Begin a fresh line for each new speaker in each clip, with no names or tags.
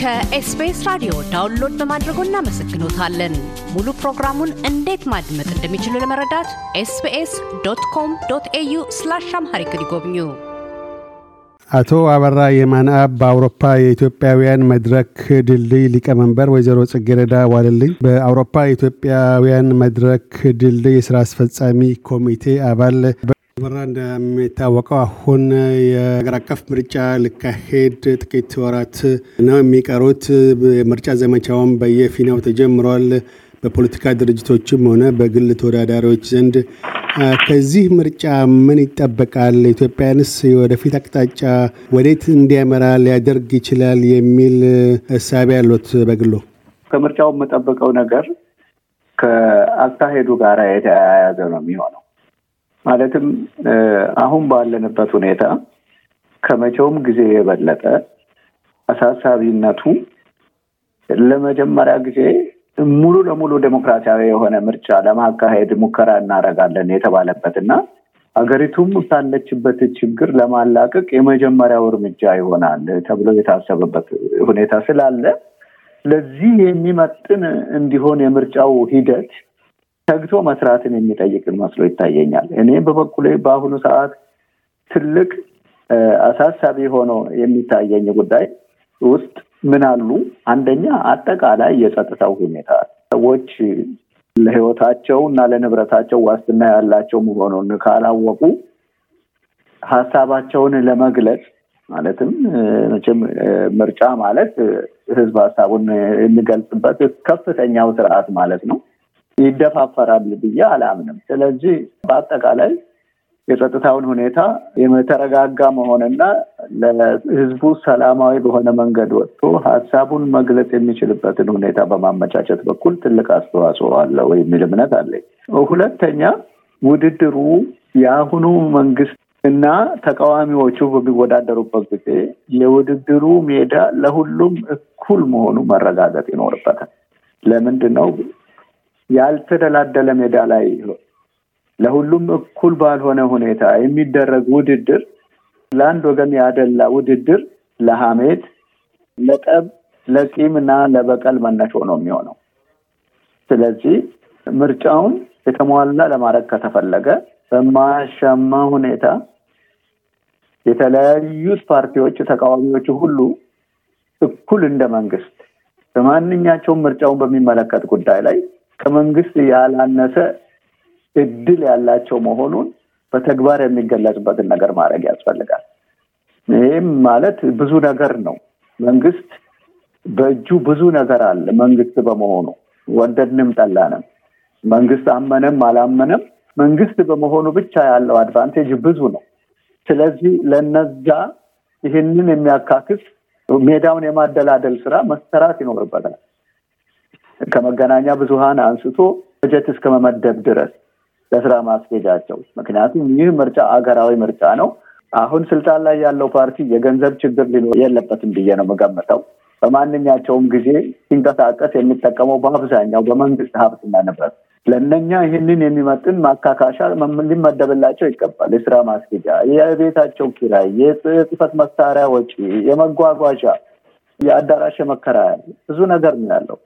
ከኤስቢኤስ ራዲዮ ዳውንሎድ በማድረጎ እናመሰግኖታለን። ሙሉ ፕሮግራሙን እንዴት ማድመጥ እንደሚችሉ ለመረዳት ኤስቢኤስ ዶት ኮም ዶት ኤዩ ስላሽ አምሃሪክ ይጎብኙ።
አቶ አበራ የማንአብ በአውሮፓ የኢትዮጵያውያን መድረክ ድልድይ ሊቀመንበር፣ ወይዘሮ ጽጌረዳ ዋልልኝ በአውሮፓ የኢትዮጵያውያን መድረክ ድልድይ የስራ አስፈጻሚ ኮሚቴ አባል አስመራ እንደሚታወቀው አሁን የሀገር አቀፍ ምርጫ ልካሄድ ጥቂት ወራት ነው የሚቀሩት። የምርጫ ዘመቻውን በየፊናው ተጀምሯል፣ በፖለቲካ ድርጅቶችም ሆነ በግል ተወዳዳሪዎች ዘንድ። ከዚህ ምርጫ ምን ይጠበቃል? ኢትዮጵያንስ ወደፊት አቅጣጫ ወዴት እንዲያመራ ሊያደርግ ይችላል የሚል እሳቤ ያሉት በግሎ
ከምርጫው የምጠብቀው ነገር ከአካሄዱ ጋር የተያያዘ ነው የሚሆነው ማለትም አሁን ባለንበት ሁኔታ ከመቼውም ጊዜ የበለጠ አሳሳቢነቱ ለመጀመሪያ ጊዜ ሙሉ ለሙሉ ዴሞክራሲያዊ የሆነ ምርጫ ለማካሄድ ሙከራ እናደርጋለን የተባለበት እና ሀገሪቱም ካለችበት ችግር ለማላቀቅ የመጀመሪያው እርምጃ ይሆናል ተብሎ የታሰበበት ሁኔታ ስላለ ለዚህ የሚመጥን እንዲሆን የምርጫው ሂደት ተግቶ መስራትን የሚጠይቅ መስሎ ይታየኛል። እኔ በበኩሌ በአሁኑ ሰዓት ትልቅ አሳሳቢ ሆኖ የሚታየኝ ጉዳይ ውስጥ ምን አሉ? አንደኛ አጠቃላይ የጸጥታው ሁኔታ ሰዎች ለሕይወታቸው እና ለንብረታቸው ዋስትና ያላቸው መሆኑን ካላወቁ ሀሳባቸውን ለመግለጽ ማለትም መቼም ምርጫ ማለት ሕዝብ ሀሳቡን የሚገልጽበት ከፍተኛው ስርዓት ማለት ነው። ይደፋፈራል ብዬ አላምንም። ስለዚህ በአጠቃላይ የጸጥታውን ሁኔታ የተረጋጋ መሆንና ለህዝቡ ሰላማዊ በሆነ መንገድ ወጥቶ ሀሳቡን መግለጽ የሚችልበትን ሁኔታ በማመቻቸት በኩል ትልቅ አስተዋጽኦ አለው የሚል እምነት አለኝ። ሁለተኛ ውድድሩ የአሁኑ መንግስት እና ተቃዋሚዎቹ በሚወዳደሩበት ጊዜ የውድድሩ ሜዳ ለሁሉም እኩል መሆኑ መረጋገጥ ይኖርበታል። ለምንድን ነው ያልተደላደለ ሜዳ ላይ ለሁሉም እኩል ባልሆነ ሁኔታ የሚደረግ ውድድር ለአንድ ወገን ያደላ ውድድር ለሀሜት፣ ለጠብ፣ ለቂም እና ለበቀል መነሾ ነው የሚሆነው። ስለዚህ ምርጫውን የተሟላ ለማድረግ ከተፈለገ በማያሻማ ሁኔታ የተለያዩት ፓርቲዎች ተቃዋሚዎች ሁሉ እኩል እንደ መንግስት በማንኛቸውም ምርጫውን በሚመለከት ጉዳይ ላይ ከመንግስት ያላነሰ እድል ያላቸው መሆኑን በተግባር የሚገለጽበትን ነገር ማድረግ ያስፈልጋል። ይህም ማለት ብዙ ነገር ነው። መንግስት በእጁ ብዙ ነገር አለ። መንግስት በመሆኑ ወደድንም ጠላንም፣ መንግስት አመነም አላመነም፣ መንግስት በመሆኑ ብቻ ያለው አድቫንቴጅ ብዙ ነው። ስለዚህ ለነዛ ይህንን የሚያካክስ ሜዳውን የማደላደል ስራ መሰራት ይኖርበታል። ከመገናኛ ብዙሃን አንስቶ በጀት እስከ መመደብ ድረስ ለስራ ማስኬጃቸው። ምክንያቱም ይህ ምርጫ አገራዊ ምርጫ ነው። አሁን ስልጣን ላይ ያለው ፓርቲ የገንዘብ ችግር ሊኖር የለበትም ብዬ ነው የምገምተው። በማንኛቸውም ጊዜ ሲንቀሳቀስ የሚጠቀመው በአብዛኛው በመንግስት ሀብትና ንብረት ለእነኛ ይህንን የሚመጥን ማካካሻ ሊመደብላቸው ይገባል። የስራ ማስጌጃ፣ የቤታቸው ኪራይ፣ የጽህፈት መሳሪያ ወጪ፣ የመጓጓዣ፣ የአዳራሽ የመከራያ ብዙ ነገር ነው ያለው።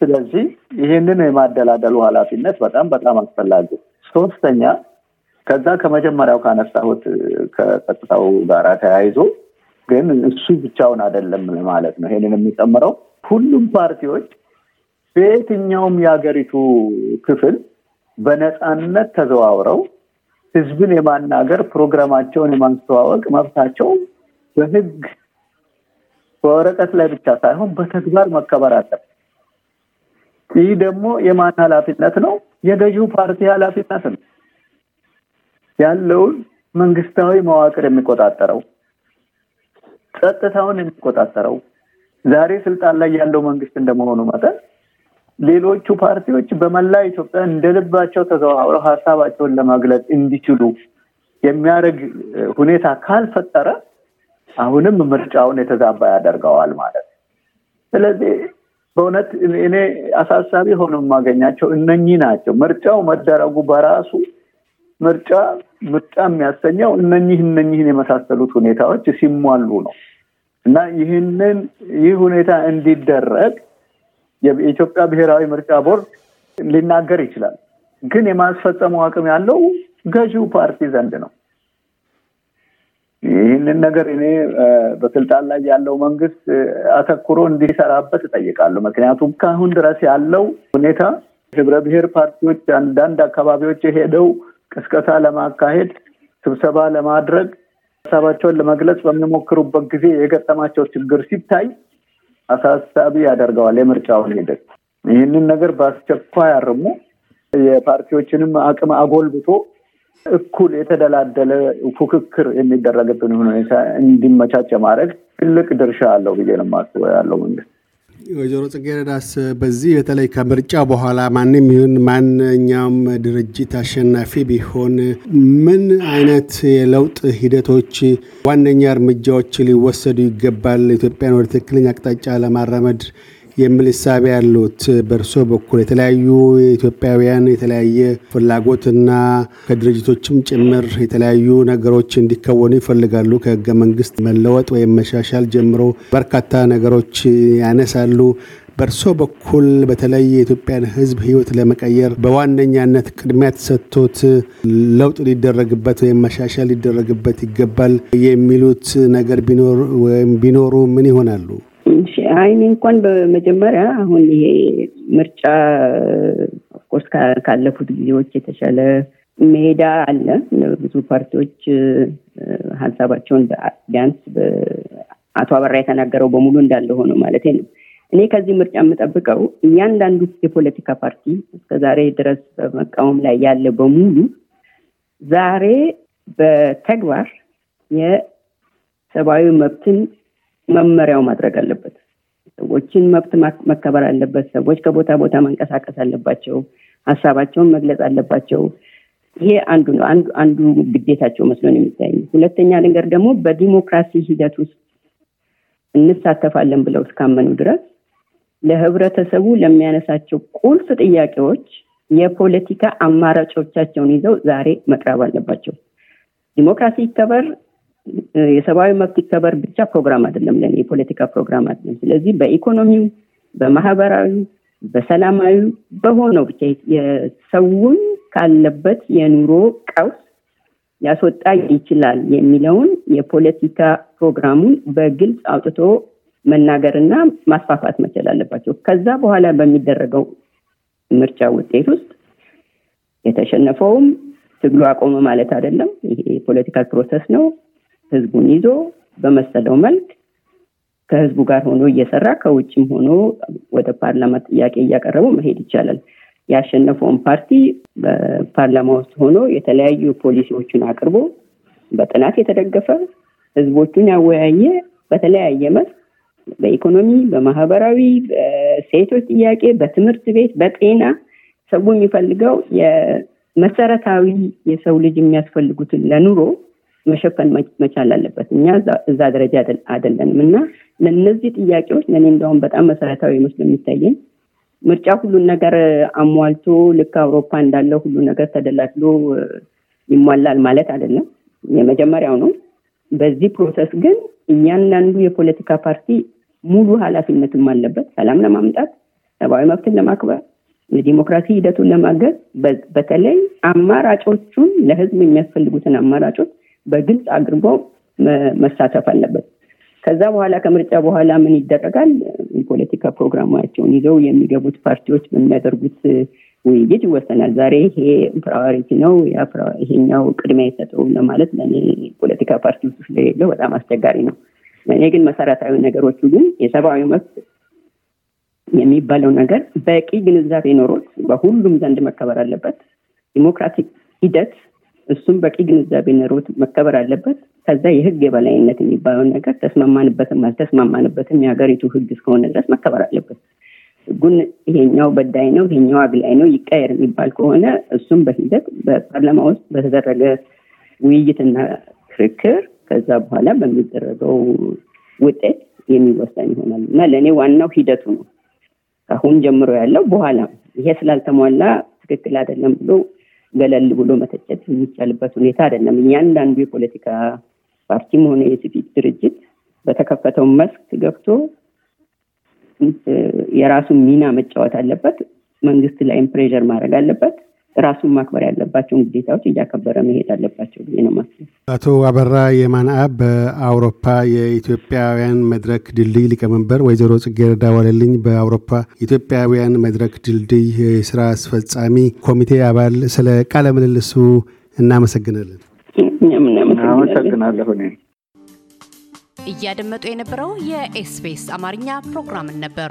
ስለዚህ ይህንን የማደላደሉ ኃላፊነት በጣም በጣም አስፈላጊ። ሶስተኛ ከዛ ከመጀመሪያው ካነሳሁት ከጸጥታው ጋር ተያይዞ ግን እሱ ብቻውን አይደለም ማለት ነው። ይሄንን የሚጨምረው ሁሉም ፓርቲዎች በየትኛውም የሀገሪቱ ክፍል በነፃነት ተዘዋውረው ህዝብን የማናገር ፕሮግራማቸውን የማስተዋወቅ መብታቸው በህግ በወረቀት ላይ ብቻ ሳይሆን በተግባር መከበር አለበት። ይህ ደግሞ የማን ኃላፊነት ነው? የገዢው ፓርቲ ኃላፊነት ነው። ያለውን መንግስታዊ መዋቅር የሚቆጣጠረው ጸጥታውን የሚቆጣጠረው ዛሬ ስልጣን ላይ ያለው መንግስት እንደመሆኑ መጠን ሌሎቹ ፓርቲዎች በመላ ኢትዮጵያ እንደልባቸው ተዘዋውረው ሀሳባቸውን ለማግለጽ እንዲችሉ የሚያደርግ ሁኔታ ካልፈጠረ አሁንም ምርጫውን የተዛባ ያደርገዋል ማለት ነው። ስለዚህ በእውነት እኔ አሳሳቢ ሆኖ የማገኛቸው እነኚህ ናቸው። ምርጫው መደረጉ በራሱ ምርጫ ምርጫ የሚያሰኘው እነኚህ እነኚህን የመሳሰሉት ሁኔታዎች ሲሟሉ ነው እና ይህንን ይህ ሁኔታ እንዲደረግ የኢትዮጵያ ብሔራዊ ምርጫ ቦርድ ሊናገር ይችላል። ግን የማስፈጸሙ አቅም ያለው ገዢው ፓርቲ ዘንድ ነው። ይህንን ነገር እኔ በስልጣን ላይ ያለው መንግስት አተኩሮ እንዲሰራበት እጠይቃለሁ። ምክንያቱም ከአሁን ድረስ ያለው ሁኔታ ህብረ ብሔር ፓርቲዎች አንዳንድ አካባቢዎች የሄደው ቅስቀሳ ለማካሄድ ስብሰባ ለማድረግ ሀሳባቸውን ለመግለጽ በሚሞክሩበት ጊዜ የገጠማቸው ችግር ሲታይ አሳሳቢ ያደርገዋል የምርጫውን ሂደት። ይህንን ነገር በአስቸኳይ አርሙ፣ የፓርቲዎችንም አቅም አጎልብቶ እኩል የተደላደለ ፉክክር የሚደረግብን ሁኔታ እንዲመቻቸ ማድረግ ትልቅ ድርሻ አለው ብዬ ነው የማስበው ያለው መንግስት።
ወይዘሮ ጽጌረዳስ በዚህ በተለይ ከምርጫ በኋላ ማንም ይሁን ማንኛውም ድርጅት አሸናፊ ቢሆን ምን አይነት የለውጥ ሂደቶች፣ ዋነኛ እርምጃዎች ሊወሰዱ ይገባል ኢትዮጵያን ወደ ትክክለኛ አቅጣጫ ለማራመድ የሚል እሳቤ ያሉት በእርሶ በኩል የተለያዩ ኢትዮጵያውያን የተለያየ ፍላጎትና ከድርጅቶችም ጭምር የተለያዩ ነገሮች እንዲከወኑ ይፈልጋሉ። ከህገ መንግስት መለወጥ ወይም መሻሻል ጀምሮ በርካታ ነገሮች ያነሳሉ። በእርሶ በኩል በተለይ የኢትዮጵያን ህዝብ ህይወት ለመቀየር በዋነኛነት ቅድሚያ ተሰጥቶት ለውጥ ሊደረግበት ወይም መሻሻል ሊደረግበት ይገባል የሚሉት ነገር ቢኖር ወይም ቢኖሩ ምን ይሆናሉ?
አይኔ እንኳን በመጀመሪያ አሁን ይሄ ምርጫ ኦፍኮርስ ካለፉት ጊዜዎች የተሻለ ሜዳ አለ። ብዙ ፓርቲዎች ሀሳባቸውን ቢያንስ አቶ አበራ የተናገረው በሙሉ እንዳለ ሆኖ ማለት ነው። እኔ ከዚህ ምርጫ የምጠብቀው እያንዳንዱ የፖለቲካ ፓርቲ እስከዛሬ ድረስ በመቃወም ላይ ያለ በሙሉ ዛሬ በተግባር የሰብአዊ መብትን መመሪያው ማድረግ አለበት። ሰዎችን መብት መከበር አለበት። ሰዎች ከቦታ ቦታ መንቀሳቀስ አለባቸው። ሀሳባቸውን መግለጽ አለባቸው። ይሄ አንዱ ነው። አንዱ ግዴታቸው መስሎን የሚታይ ሁለተኛ ነገር ደግሞ በዲሞክራሲ ሂደት ውስጥ እንሳተፋለን ብለው እስካመኑ ድረስ ለህብረተሰቡ ለሚያነሳቸው ቁልፍ ጥያቄዎች የፖለቲካ አማራጮቻቸውን ይዘው ዛሬ መቅረብ አለባቸው። ዲሞክራሲ ይከበር፣ የሰብአዊ መብት ይከበር ብቻ ፕሮግራም አይደለም ለእኔ የፖለቲካ ፕሮግራም አይደለም። ስለዚህ በኢኮኖሚው፣ በማህበራዊ፣ በሰላማዊ በሆነው ብቻ የሰውን ካለበት የኑሮ ቀውስ ሊያስወጣ ይችላል የሚለውን የፖለቲካ ፕሮግራሙን በግልጽ አውጥቶ መናገርና ማስፋፋት መቻል አለባቸው። ከዛ በኋላ በሚደረገው ምርጫ ውጤት ውስጥ የተሸነፈውም ትግሉ አቆመ ማለት አይደለም። ይሄ የፖለቲካል ፕሮሰስ ነው። ህዝቡን ይዞ በመሰለው መልክ ከህዝቡ ጋር ሆኖ እየሰራ ከውጭም ሆኖ ወደ ፓርላማ ጥያቄ እያቀረቡ መሄድ ይቻላል። ያሸነፈውን ፓርቲ በፓርላማ ውስጥ ሆኖ የተለያዩ ፖሊሲዎቹን አቅርቦ በጥናት የተደገፈ ህዝቦቹን ያወያየ በተለያየ መስክ በኢኮኖሚ፣ በማህበራዊ፣ በሴቶች ጥያቄ፣ በትምህርት ቤት፣ በጤና ሰው የሚፈልገው መሰረታዊ የሰው ልጅ የሚያስፈልጉትን ለኑሮ መሸፈን መቻል አለበት። እኛ እዛ ደረጃ አይደለንም እና ለእነዚህ ጥያቄዎች ለእኔ እንደውም በጣም መሰረታዊ መስሎ የሚታየኝ ምርጫ ሁሉን ነገር አሟልቶ ልክ አውሮፓ እንዳለው ሁሉ ነገር ተደላድሎ ይሟላል ማለት አይደለም። የመጀመሪያው ነው። በዚህ ፕሮሰስ ግን እያንዳንዱ የፖለቲካ ፓርቲ ሙሉ ኃላፊነትም አለበት። ሰላም ለማምጣት፣ ሰብአዊ መብትን ለማክበር፣ ለዲሞክራሲ ሂደቱን ለማገዝ፣ በተለይ አማራጮቹን ለህዝብ የሚያስፈልጉትን አማራጮች በግልጽ አድርጎ መሳተፍ አለበት። ከዛ በኋላ ከምርጫ በኋላ ምን ይደረጋል? የፖለቲካ ፕሮግራማቸውን ይዘው የሚገቡት ፓርቲዎች በሚያደርጉት ውይይት ይወሰናል። ዛሬ ይሄ ፕራዮሪቲ ነው፣ ይሄኛው ቅድሚያ አይሰጠውም ለማለት ለእኔ ፖለቲካ ፓርቲ ውስጥ ስለሌለው በጣም አስቸጋሪ ነው። እኔ ግን መሰረታዊ ነገሮቹ ግን የሰብአዊ መብት የሚባለው ነገር በቂ ግንዛቤ ኖሮት በሁሉም ዘንድ መከበር አለበት። ዲሞክራቲክ ሂደት እሱም በቂ ግንዛቤ ኖሮት መከበር አለበት። ከዛ የህግ የበላይነት የሚባለውን ነገር ተስማማንበትም አልተስማማንበትም የሀገሪቱ ህግ እስከሆነ ድረስ መከበር አለበት። ህጉን ይሄኛው በዳይ ነው፣ ይሄኛው አግላይ ነው ይቀየር የሚባል ከሆነ እሱም በሂደት በፓርላማ ውስጥ በተደረገ ውይይትና ክርክር ከዛ በኋላ በሚደረገው ውጤት የሚወሰን ይሆናል እና ለእኔ ዋናው ሂደቱ ነው። ከአሁን ጀምሮ ያለው በኋላ ይሄ ስላልተሟላ ትክክል አይደለም ብሎ ገለል ብሎ መተቸት የሚቻልበት ሁኔታ አይደለም። እያንዳንዱ የፖለቲካ ፓርቲም ሆነ የሲቪክ ድርጅት በተከፈተው መስክ ገብቶ የራሱን ሚና መጫወት አለበት። መንግስት ላይም ፕሬዠር ማድረግ አለበት። ራሱን ማክበር ያለባቸውን ግዴታዎች እያከበረ መሄድ አለባቸው ብዬ
ነው ማስብ። አቶ አበራ የማንአብ በአውሮፓ የኢትዮጵያውያን መድረክ ድልድይ ሊቀመንበር፣ ወይዘሮ ጽጌረዳ ዋለልኝ በአውሮፓ ኢትዮጵያውያን መድረክ ድልድይ የስራ አስፈጻሚ ኮሚቴ አባል፣ ስለ ቃለ ምልልሱ እናመሰግናለን።
አመሰግናለሁ።
እያደመጡ የነበረው የኤስቢኤስ አማርኛ ፕሮግራምን ነበር።